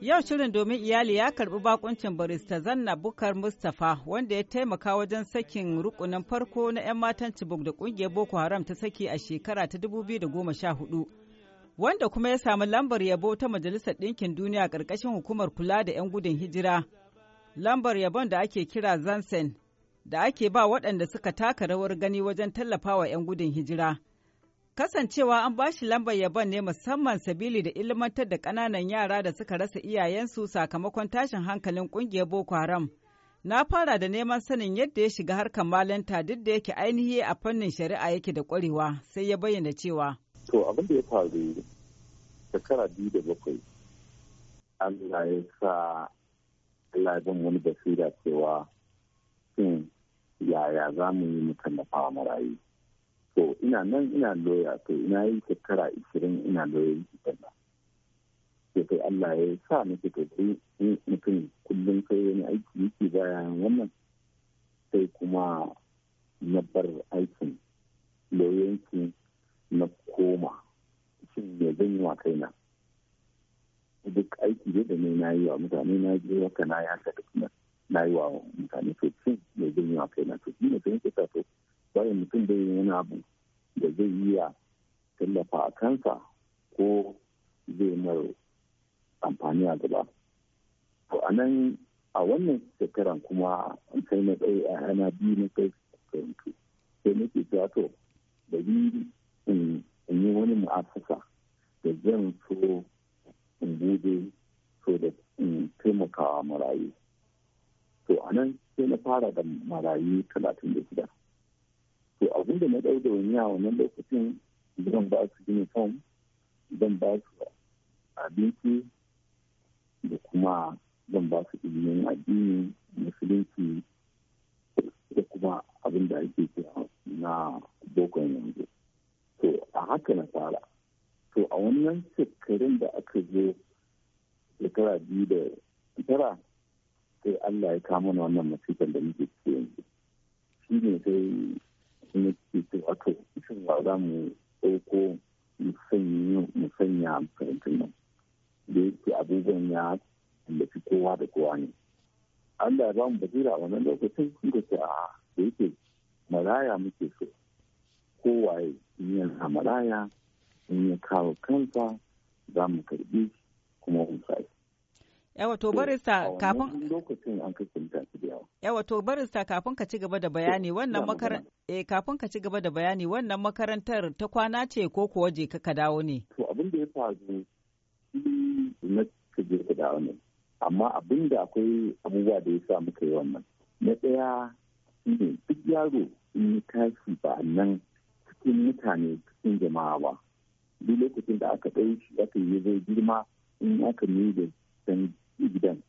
Yau shirin domin iyali ya karbi bakuncin barista zanna bukar Mustapha wanda ya taimaka wajen sakin rukunin farko na 'yan matan Cibok da kungiyar Boko Haram ta saki a shekara ta 2014. Wanda kuma ya samu lambar yabo ta Majalisar Ɗinkin Duniya ƙarƙashin hukumar kula da 'yan gudun hijira. Lambar yabon da ake kira Zansen da ake ba waɗanda suka taka rawar gani wajen tallafawa 'yan gudun hijira. Kasancewa an bashi lambar yabon ne musamman sabili da ilmantar da ƙananan yara da suka rasa iyayensu sakamakon tashin hankalin ƙungiyar Boko Haram. Na fara da neman sanin yadda ya shiga harkar malanta duk da yake ainihi a fannin shari'a yake da ƙwarewa sai ya bayyana cewa. To abin da ya faru shekara biyu da bakwai Allah ya sa lajin wani basira cewa shin yaya za mu yi mu tallafa marayu. to ina nan ina loya to ina yi shekara ishirin ina loya na sai kai Allah ya sa nake to in mutum kullum sai wani aiki yake bayan wannan sai kuma na bar aikin loyanci na koma shin ya zan yi wa kaina duk aiki dai da ne na yi wa mutane na yi haka na ya haka da kuma na yi wa mutane to shin ya zan yi wa kaina to shi ne zan yi sa to bayan mutum da yin abu da zai iya tallafa a kansa ko zai mara amfani a gaba. To a nan a wannan shekaran kuma an kai na tsaye a hana biyu na kai karantu. Sai nake cewa to da yi in yi wani mu'asasa da zan so in bude so da in taimakawa marayu. To a nan sai na fara da marayu talatin da shida. to abin da na ɗau da wani a wannan lokacin zan ba su zan ba su abinci da kuma zan ba su ilimin addini musulunci da kuma abin da ake kira na boko yanzu to a haka na fara to a wannan shekarun da aka zo shekara biyu da tara sai allah ya kama wannan masifar da muke cikin yanzu shi ne sai kuma ke to a to shin za mu ɗauko mu sanya makarantun nan da yake abubuwan ya tallafi kowa da kowa ne Allah ya ba mu basira a wannan lokacin sun ga ce a da yake maraya muke so kowaye in yana maraya in ya kawo kansa za mu karbi kuma mu sai yawa to barista kafin lokacin an kai kunta yawa to barista kafin ka ci gaba da bayani wannan makarantar Eh kafin ka ci gaba da bayani wannan makarantar ta kwana ce ko kuwa je ka dawo ne? To abin da ya faru na ka je ka dawo ne. Amma abin da akwai abubuwa da ya sa muka yi wannan. Na ɗaya ne duk yaro in ya tashi ba nan cikin mutane cikin jama'a ba. Duk lokacin da aka ɗau shi aka yi zai girma in aka ne da gidan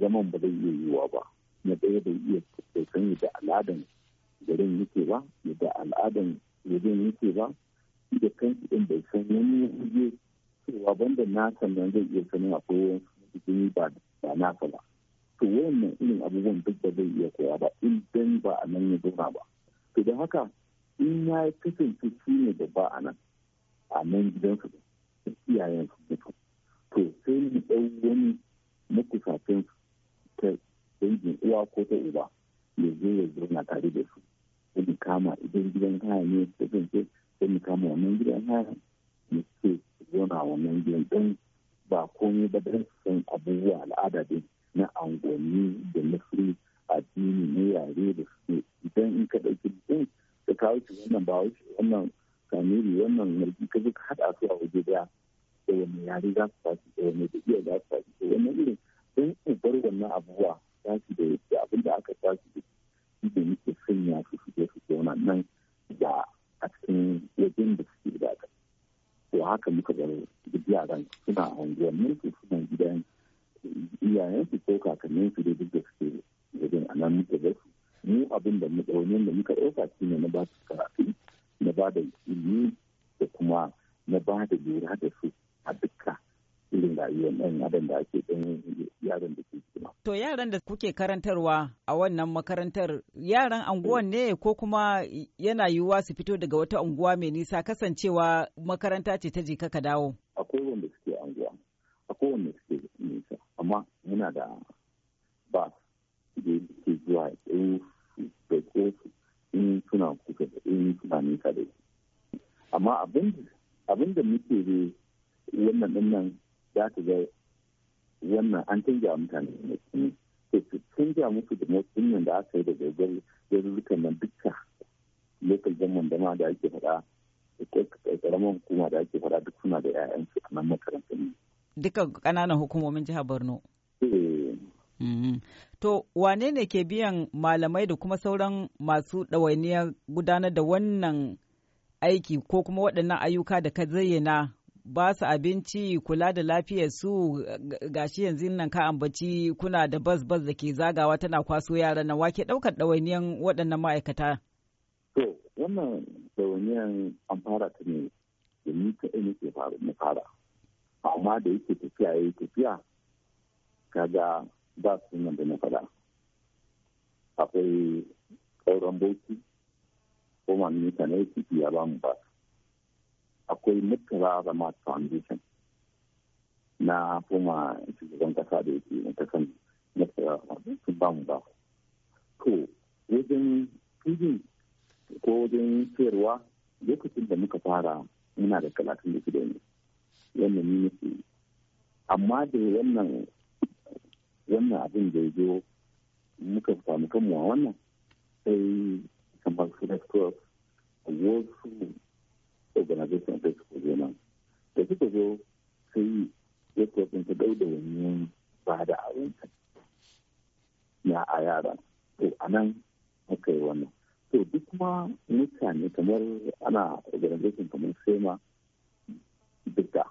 zaman ba zai iya yiwuwa ba. Na ɗaya bai iya sanyi da aladan garin yake ba da al'adan wajen yake ba shi da kanki ɗin bai san wani waje cewa banda nasa nan zai iya sanin akwai wani jini ba ba nasa ba to wannan irin abubuwan duk da zai iya koya ba in dan ba a nan ya zauna ba to da haka in ya kasance shi ne babba a nan a nan gidansu da iyayen su mutu to sai ni ɗau wani makusacin ta dangin uwa ko ta uba ya zo ya zauna tare da su sai mu kama idan gidan haya ne da zan ce sai mu kama wannan gidan haya mu ce zauna wannan gidan don ba komai ba don san abubuwa al'ada din na angonni da na addini na yare da suke idan in ka ɗauki din da kawo shi wannan ba wuce wannan kamiri wannan mulki ka zo ka haɗa su a waje daya da wani yare za su tashi da wani da iya za su ba da ilimi da kuma na ba da lura da su a duka irin rayuwar ɗan adam da ake ɗan yaran da ke cikin. To yaran da kuke karantarwa a wannan makarantar yaran anguwan ne ko kuma yana yiwuwa su fito daga wata unguwa mai nisa kasancewa makaranta ce ta jika ka dawo. abin da muke da wannan dinnan za ta ga wannan an canja mutane ne su canja musu da motsin nan da aka yi da gagar yarurrukan nan duka lokal zaman da ma da ake faɗa karamar hukuma da ake fada duk suna da 'ya'yansu a nan makarantar ne. dukkan ƙananan hukumomin jihar Borno. Eh. Mm-hmm. To, wane ne ke biyan malamai da kuma sauran masu ɗawainiyar gudanar da wannan aiki ko kuma waɗannan ayyuka da ka zayyana ba su abinci kula da lafiyar su gashi yanzu nan ka ambaci kuna da bas bas da ke zagawa tana kwaso yaran nan wake ɗaukar ɗawainiyan waɗannan ma'aikata. To wannan ɗawainiyan an fara ta ne da ni ina ke faru na fara amma da yake tafiya ya yi tafiya kaga ba su nan da na faɗa akwai ƙauran boki koma minista na ACP ya ba mu ba akwai mutara zama foundation na koma shugaban kasa da yake na kasan mutara sun ba mu ba to wajen fidin ko wajen sayarwa lokacin da muka fara muna da talatin da shida ne wannan ni nufi amma da wannan wannan abin da ya zo muka samu kanmu a wannan sai kamar Phoenix Club a World the Organization da suka zo nan. Da suka sai ya kwafin ta ɗau da wani ba da abinci ya a yaran. To a nan aka yi wannan. To duk ma mutane kamar ana organization kamar SEMA duka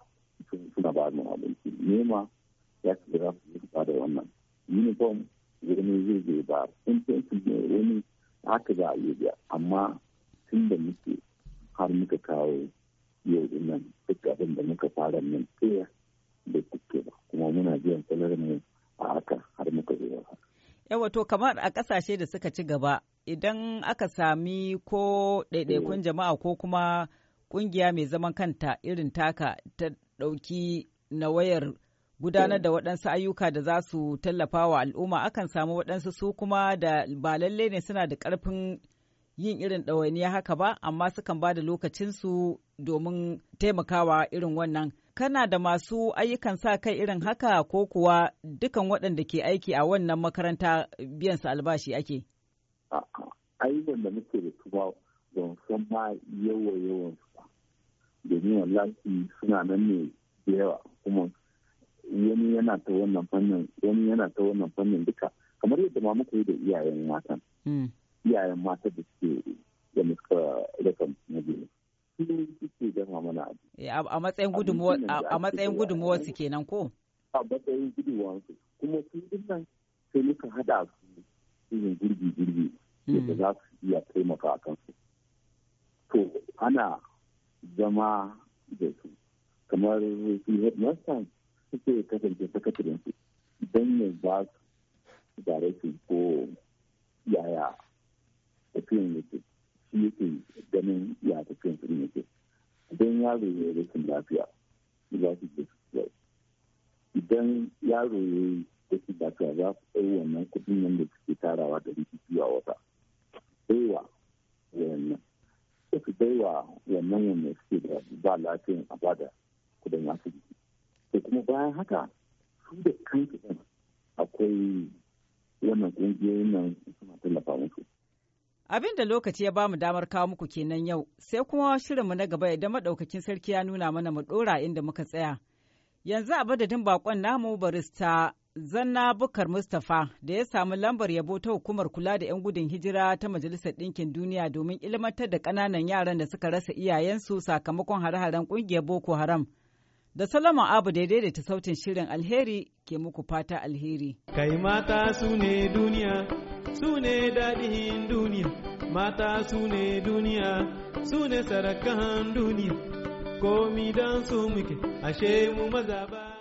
suna ba da abinci. Nema that's the za su ba da wannan. Uniform wani zai ba. Sun ce wani haka za a iya biya amma tun da muke har muka kawo yau nan duk abin da muka fara nan tsaye da kuke ba kuma muna biyan salar mu a haka har muka zo ba. Yawa to kamar a kasashe da suka ci gaba idan aka sami ko ɗaiɗaikun eh. jama'a ko kuma ƙungiya mai zaman kanta irin taka ta ɗauki na wayar gudanar eh. da waɗansu ayyuka da za su tallafa wa al'umma akan samu waɗansu su kuma da ba lalle ne suna da ƙarfin yin irin ɗawainiya haka ba amma sukan ba da lokacinsu domin taimakawa irin wannan kana da masu ayyukan sa kai irin haka ko kuwa dukan waɗanda ke aiki a wannan makaranta biyan su albashi ake ayyukan da muke da su ba don san ma yawa yawan domin wallahi suna nan ne da yawa kuma wani yana ta wannan fannin wani yana ta wannan fannin duka kamar yadda ma muka yi da iyayen matan hmm. iyayen mata da suke da muka rika magini suke gama mana abu eh, a matsayin gudunmuwa su kenan ko a matsayin gudunmuwa su kuma sun dinnan sai muka hada su yin gurbi gurbi hmm. yadda za su iya taimaka a kansu to ana zama da su kamar su headmaster suke kasance sakatarin su don ne ba su gare su ko yaya tafiyan yake shi yake ganin ya tafiyan su yake idan yaro ya rashin lafiya za su je su idan yaro ya yi rashin lafiya za su kai wannan kudin nan da suke tarawa da rikici a wata baiwa wannan suka baiwa wannan wannan suke da ba lafiyan a bada kudin asibiti bayan haka su da kansu ɗin akwai wannan ƙungiyoyin nan suna tallafa musu. Abin da lokaci ya bamu damar kawo muku kenan yau, sai kuma shirinmu na gaba idan maɗaukakin sarki ya nuna mana mu ɗora inda muka tsaya. Yanzu a madadin bakon namu barista Zanna Bukar Mustapha da ya samu lambar yabo ta hukumar kula da 'yan gudun hijira ta Majalisar Ɗinkin Duniya domin ilmantar da ƙananan yaran da suka rasa iyayensu sakamakon hare-haren ƙungiyar Boko Haram. da salama Abu da daidaita sautin shirin alheri ke muku fata alheri. Kai mata su ne duniya, su ne daɗin duniya, mata su ne duniya, su ne sarakan duniya, komi don su muke, ashe mu maza ba.